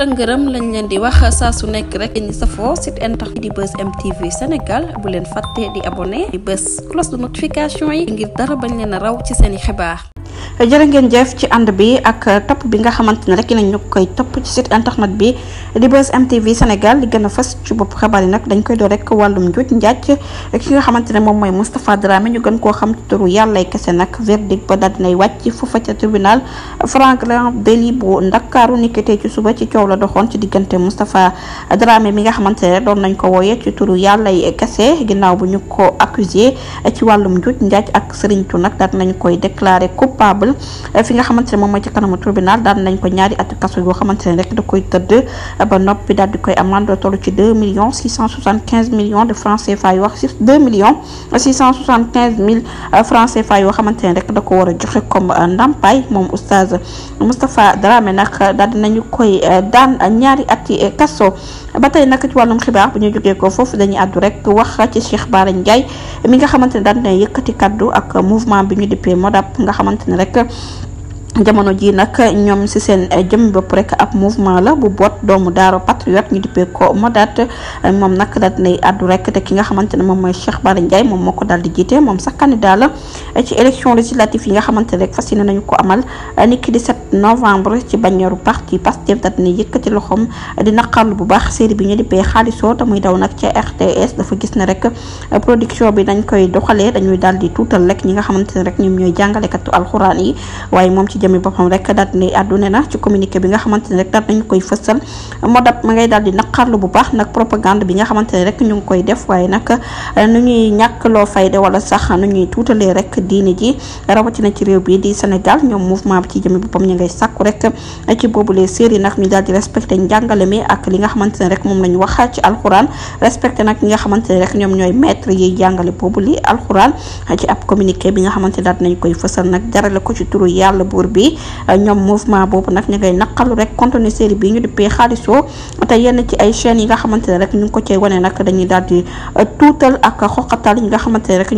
tëngërëm lañ leen di wax sa su nek rek ñi fo site internet di buzz mtv Senegal bu leen fatte di abonné di buzz cloche de notification yi ngir dara bañ leen raw ci seen xibaar jërë ngeen jëf ci and bi ak eh, top bi nga xamantene rek ñu koy top ci site internet bi di buzz mtv Senegal li gëna a ci bop xabar yi nag dañ koy do rek wàllum njuuj ak eh, ki nga xamantene mom moy mustapha drame ñu gën ko xam ci turu ay kesse nak verdict ba nay wacc fu fa ci tribunal franklin déli bu ndakaru nikete ci suba ci coow la doxoon ci diggante Moustapha Dramé mi nga xamante doon nañ ko wooye ci turu yàlla kese ginnaaw bu ñu ko accusé ci wàllum njuuj njaaj ak Serigne Thiou nag daan nañ ko ñaari at kaso yoo xamante rek da koy tëdd ba noppi daal di koy amande toll ci deux de francs CFA yoo wax euh, rek da ko war joxe comme euh, ndàmpaay moom oustaz Moustapha Dramé nag daal dinañu koy. Euh, daan ñaari at ci kaso ba tey nag ci wàllum xibaar bu ñu jógee ko foofu dañuy àddu rek wax ci Cheikh Bara Ndiaye mi nga xamante ne daan na yëkkati kaddu ak mouvement bi ñu dippee Modap nga xamante ne rek jamono ji nak ñom ci seen eh, jëm bëpp rek ab mouvement la bu bot doomu daaro patriote ñu dippé ko modat mom nak dat ne addu rek te ki nga xamantene mom moy Cheikh bari ndjay mom moko dal di jité mom sax candidat la eh, ci élection législative yi nga xamantene rek fasina nañu ko amal eh, ki 17 novembre ci bagnoru parti Pastef dat ne yëkëti loxom di naqarlu bu baax série bi ñu dippé xaalisso ta muy daw nak ci RTS dafa gis na rek production bi dañ koy doxalé dañuy dal di tutal rek ñi nga xamantene rek ñom ñoy jàngalé katu alcorane yi waye mom ci jëmi boppam rek daal di addu ne na ci communiqué bi nga xamante ne rek daal nañu koy fësal moo dab ma ngay daal di naqarlu bu baax nag propagande bi nga xamante rek eh, ci réew bi di Sénégal ñoom mouvement bi ci jëmi boppam ñu ngay sàkku rek eh, ci boobulee série nag ñu mi ak li nga xamante ne rek moom lañu wax ci alxuraan respecté nag ñi nga xamante ne rek ñoom ñooy maître yiy jàngale boobu li alxuraan eh, ci ab communiqué bi nga xamante daal nañ koy fësal nag jarale ko ci turu yàlla buur bi ñoom mouvement boobu nag ne rek ñu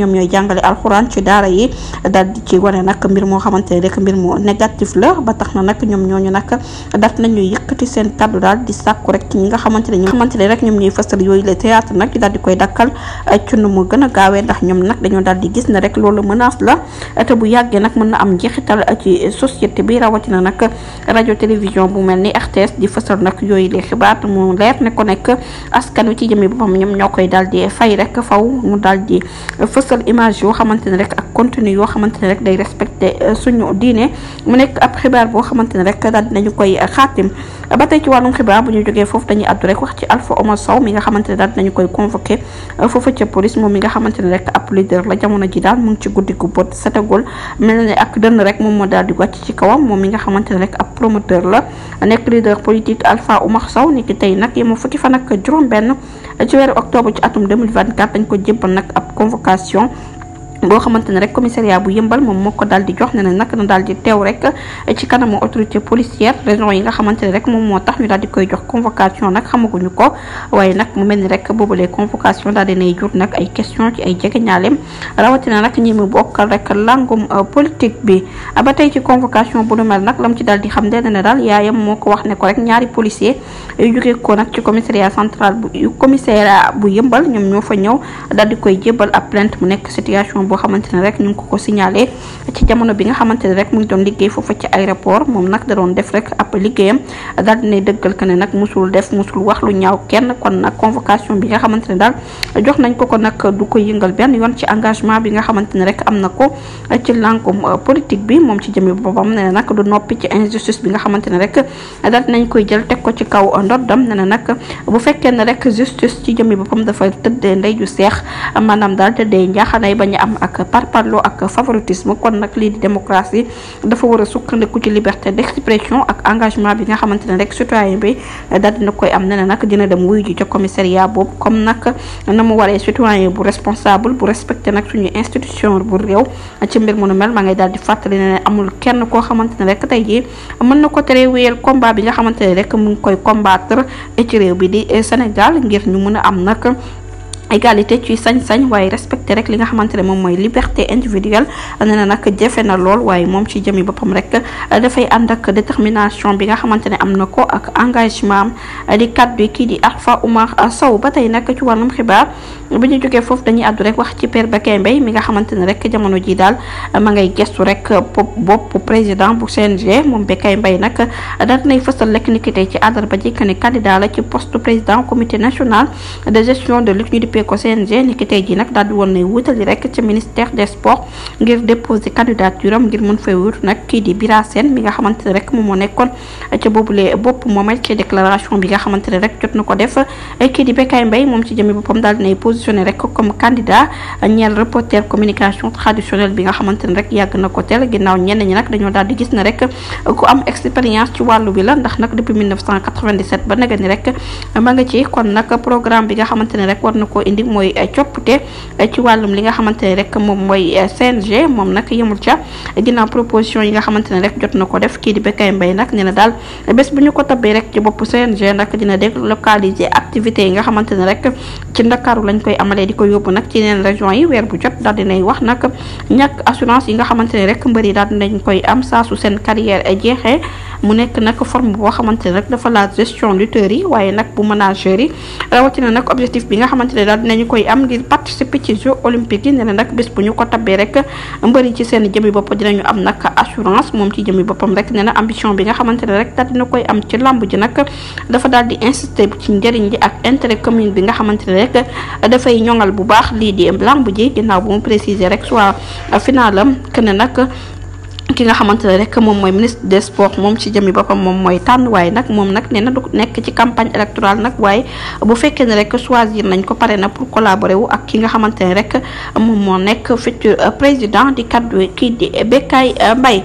ngi euh, ñoom nag mbir na nag ñoom ñooñu nag daat nañu yëkkati seen kàddu daal di sàkku rek ñi nga xamante ne ñi nga xamante ne rek ñoom ñooy fësal yooyu le théâtre nag daal di koy dakkal ci nu gën a gaawee ndax ñoom nag dañoo daal di gis ne rek loolu menace la te yàggee nag mën na am njeexital ci société bi rawatina nag rajo télévision bu mel ni RTS di fësal nag yooyu les xibaar mu leer ne ko nekk askan wi di mu daal di fësal image yoo xamante ne ne rek day respecté euh, suñu diine mu nekk ab xibaar boo xamante ne rek daal dinañu koy xaatim ba tey ci wàllum xibaar bu ñu jógee foofu dañuy àddu rek wax mi nga xamante ne daal dinañu koy convoqué euh, foofa ca police moom mi nga xamante ne rek ab leader la jamono ji daal mu ci guddi gu bët setagul mel ne ak dënn rek moom moo daal di wàcc ci kawam moom mi nga xamante ne rek ab promoteur la nekk leader politique Alpha Oumar Sow ni ki tey nag yema fukki fan ak juróom benn ci weeru octobre ci atum 2024 dañ ko jébbal nag ab convocation boo xamante ne rek commissariat bu yëmbal moom moo ko daal di jox ne na nag na daal di teew rek ci kanamu autorité policière raison yi nga xamante ne rek moom moo tax ñu daal di koy jox convocation nag xamaguñu ko waaye nag mu mel ni rek boobulee convocation daal dinay jur nag ay question ci ay jegeñaaleem rawatina nag ñi mu bokkal rek langum euh, politique bi ah, ba tey ci convocation bu nu mel nag lam ci daal di xam ne ne daal yaayam moo ko wax ne ko rek ñaari policier yu jógee ko nag ci commissariat centrale bu commissariat bu yëmbal ñoom ñoo fa ñëw daal di koy jébbal ab plainte mu nekk situation boo xamante ne rek ñu ngi ko ko signalé ci jamono bi nga xamante ne rek mu ngi doon liggéey foofa ci aéroport moom nag da doon def rek ab liggéeyam daal dinay dëggal que ne nag musul def musul wax lu ñaaw kenn kon nag convocation bi nga xamante ne daal jox nañ ko ko nag du ko yëngal benn yoon ci engagement bi nga xamante ne rek am na ko ci lànkum politique bi moom ci jëmi boppam ne nag du noppi ci injustice bi nga xamante ne rek daal nañ koy jël teg ko ci kaw ndoddam ne na nag bu fekkee ne rek justice ci jëmi boppam dafay tëddee ndey ju seex maanaam daal tëddee njaaxanay bañ a am ak parparloo ak favoritisme kon nag lii di démocratie dafa war a sukkandiku ci liberté d'expression ak engagement bi nga xamante ne rek citoyen bi daal dina koy am neneen ne dina dem wuyu ji ca commissariat boobu comme nag na mu waree citoyen bu responsable bu respecté nag suñu institution bu réew ci mbir mu nu mel maa ngay daal di fàttali ne amul kenn koo xamante ne rek tey jii mën na ko teree wéyal combat bi nga xamante ne rek mu ngi koy combattre ci réew bi di Sénégal ngir ñu mën a am nag égalité ci sañ-sañ waaye respecté rek li nga xamante ne moom mooy liberté individuelle nee na nag jafe na lool waaye moom ci jëmi boppam rek euh, dafay ànd ak détermination bi nga xamante ne am na ko ak engagement am di kaddu kii di Arfa Oumar saw ba tey nag ci wàllum xibaar bi ñu jógee foofu dañuy àddu rek wax ci Père Bakaye mi nga xamante ne rek jamono ji daal euh, ma ngay gestu rek bopp président bu CNG moom Bakaye Mbaye nag euh, daal nay fësal lekk ni ki tey ci àllarba ji que ne candidat la ci post président comité national de gestion duppee ko CNG ni ki tey ji nag comme candidat ñeel reporter communication traditionnelle bi nga xamante rek yàgg na ko teel ginnaaw ñenn ñi nag dañoo daal di gis ne rek ku am expérience ci wàllu bi la ndax nag depuis ba nag rek ma kon nag programme bi nga xamante rek war na ko indi mooy eh, coppute eh, ci wàllum li nga xamante ne rek moom mooy eh, CNG moom nag yemul ca ginnaaw proposition yi nga xamante ne rek jot na ko def kii di Bécaye mbay nag nee na daal bés bu ñu ko tabbee rek ci bopp CNG nag dina délocaliser activités yi nga xamante ne rek ci ndakaaru lañ koy amalee di ko yóbbu nag ci yeneen région yi weer bu jot daal dinay wax nag ñàkk assurance yi nga xamante ne rek mbër yi daal dinañ koy am saa su seen carrière jeexee mu nekk nag forme boo xamante ne rek dafa laaj gestion lutteurs yi waaye nag bu manageurs yi rawatina nag objectif bi nga xamante ne daal dinañu koy am ngir participer ci jeux olympiques yi ne nag bés bu ñu ko tabbee rek mbëri ci seen jëmi bopp dinañu am nag assurance moom ci jëmi boppam rek ne na bi nga xamante ne rek daal dina koy am ci làmb ji nag dafa daal di insister ci njëriñ ji ak intérêt commune bi nga xamante ne rek dafay ñoŋal bu baax lii di làmb ji ginnaaw bu mu préciser rek soit finalam que ne nag ki nga xamante ne rek moom mooy ministre des sports moom ci jëmi boppam moom mooy tànn waaye nag moom nag nee na du nekk ci campagne électorale nag waaye bu fekkee ne rek choisir nañ ko pare na pour collaborer wu ak ki nga xamante ne rek moom moo nekk futur président di kaddu kii di Bécaye mbay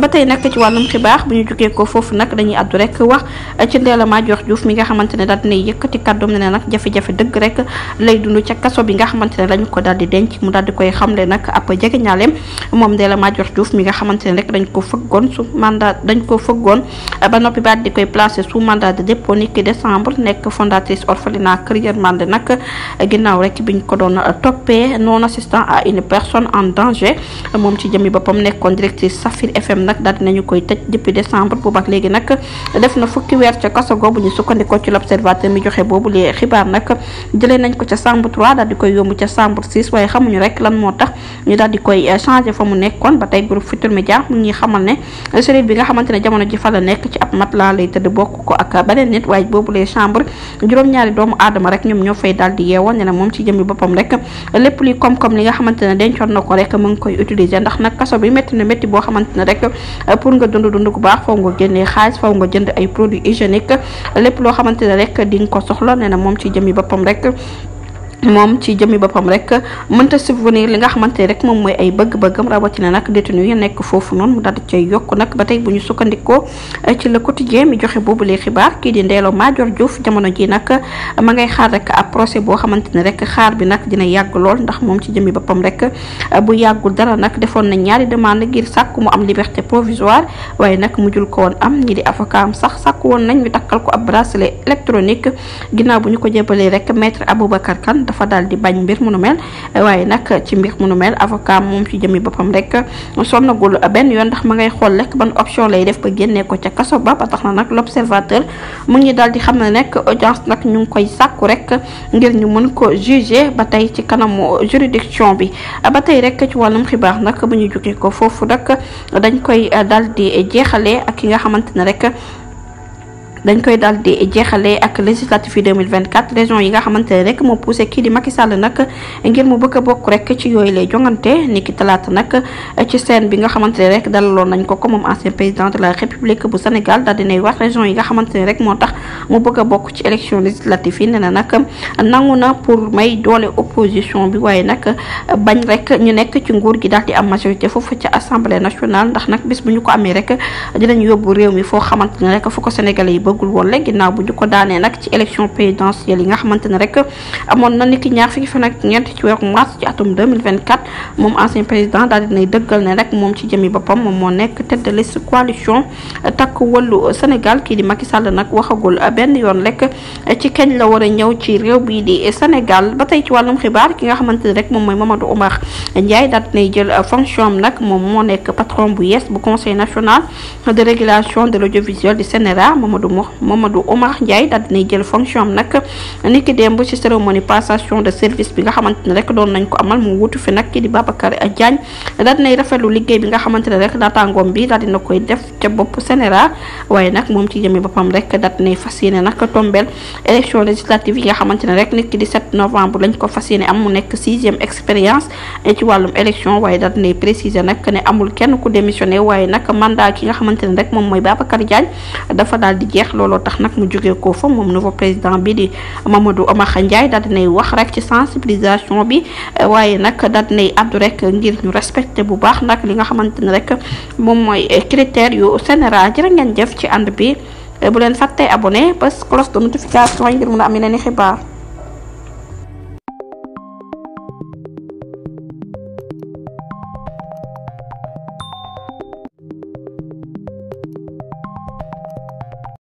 ba tey nag ci wàllum xibaar bu ñu jógee ko foofu nag dañuy àddu rek wax ci Ndella Madior Diouf mi nga xamante ne daal dinay yëkkati kàddoom ne nag jafe-jafe dëgg lay dund ca kaso bi nga xamante ne lañu ko daal di denc mu daal di koy xamle nag ab jegeñaaleem moom Ndella Madior Diouf mi nga xamante ne rek dañ ko fëggoon su mandat dañ ko fëggoon ba noppi baat di koy placé sous mandat de dépôt ni ki décembre nekk fondatrice orphelinat Kër Yërmande nag ginnaaw rek biñ ko doon toppee non assistant à une personne en danger moom ci jëmi boppam nekkoon directrice Safir FM nag daal dinañu koy tëj depuis décembre boobaak léegi nag def na fukki weer ca kaso go bu ñu sukkandikoo ci l'observateur mi joxe boobu lee xibaar nag jëlee nañ ko ca chambre 3 daal di koy yóbbu ca chambre 6 waaye lan moo tax daal di koy euh, changé fa mu nekkoon ba tey groupe Futurs Médias mu ngi xamal ne sëriñ bi nga xamante jamono ji fa nekk ci ab mat laa lay tëdd bokk ko ak beneen nit waaye boobu lee chambre juróom-ñaari doomu aadama rek ñoom ñoo fay daal di yeewoo ne na moom ci jëmmi boppam rek lépp li koom-koom li ne dencoon na ko rek mu ne rek pour nga dund dund ku baax faw nga génnee xaalis faw nga jënd ay produits hygiéniques lépp loo xamante ne rek di ko soxla nee na moom ci jëmi boppam rek moom ci jëmmi boppam rek mënta subvenir li nga xamante ne rek moom mooy ay bëgg-bëggam rabatina nag détenu yi nekk foofu noonu mu daal di cay nag ba tey bu ñu sukkandikoo eh, ci le quotidien mi joxe boobu lee xibaar kii di Ndella Madior Diouf jamono ji nag ma ngay xaar rek ab procès boo xamante ne rek xaar bi nag dina yàgg lool ndax moom ci jëmmi boppam rek eh, bu yàggul dara nag defoon na ñaari demande ngir sàkk mu am liberté provisoire waaye nag mujjul ko woon am ñi di avocat am sax sàkk woon nañ ñu takkal ko ab bracelet électronique ginnaaw bu ñu ko jébalee rek maître Aboubacar Kane dafa daal di bañ mbir mu mel waaye nag ci mbir mu nu mel avocat moom ci jëmi boppam rek sonnagul benn yoon ndax ma ngay xool rek ban option lay def ba génnee ko ca kaso ba ba tax na nag l' mu ngi daal di xam ne nag audience nag ñu ngi koy sàkku rek ngir ñu mën ko juger ba tey ci kanamu juridiction bi ba tey rek ci wàllum xibaax nag bu ñu jógee ko foofu nag dañ koy daal di jeexale ak ki nga xamante ne rek dañ koy dal di jeexalee ak législative yi 2024 région yi nga xamante ne rek moo poussé kii di Macky Sall nag ngir mu bëgg a bokk rek ci yooyu lay jongante ni ki talaata nag ci scène bi nga xamante ne rek dalaloon nañ ko ko moom ancien président de la république bu Sénégal daal dinay wax région yi nga xamante ne rek moo tax mu bëgg a bokk ci élection législative yi nee na nag nangu na pour may doole opposition bi waaye nag bañ rek ñu nekk ci nguur gi daal di am majorité foofu ci assemblée nationale ndax nag bis bu ñu ko amee rek dinañ yóbbu réew mi foo xamante ne rek fu ko sénégalais yi bëggul woon la ginnaaw bu ñu ko daanee nag ci élection amoon na niki ñaar fukki fan ak ñeent ci weeru mars ci atum 2024 moom ancien président daal dinay dëggal ne rek moom ci jëmi boppam moom moo nekk tête de coalition takk wàllu Sénégal kii di Macky nag waxagul benn yoon lekk ci kañ la war a ñëw ci réew bii di Sénégal ba tey ci wàllum xibaar ki nga xamante ne rek moom mooy Mamadou Oumar Ndiaye daal nay jël fonction am nag moom moo nekk patron bu yees bu conseil national de régulation de l'audiovisuel du CNRA Mamadou Mamadou Oumar Ndiaye daal nay jël fonction am nag ni ki démb ci cérémonie passation de service bi nga xamante ne rek doon nañ ko amal mu wutu fi nag ki di Babacar Diagne daal nay rafetlu liggéey bi nga xamante ne rek naataangoom bi daal dina koy def ca bopp CNRA waaye nag moom ci jëmee boppam rek daal fas fas yéene nag tombeel élection législative yi nga xamante ne rek nit ki di set novembre lañ ko fas yéene am mu nekk sixième expérience ci wàllum élection waaye daal dinay préciser nag ne amul kenn ku démissionné waaye nag mandat ki nga xamante ne rek moom mooy Babacar Diagne dafa daal di jeex looloo tax nag mu jógee koo fa moom nouveau président bi di mama Mamadou Omakha Ndiaye daal nay wax rek ci sensibilisation bi waaye nag daal nay addu rek ngir ñu respecté bu baax nag li nga xamante ne rek moom mooy critères yu général jërë ngeen jëf ci ànd bi bu leen fàttee abonné parce que cloche de notification yi ngir mën a am xibaar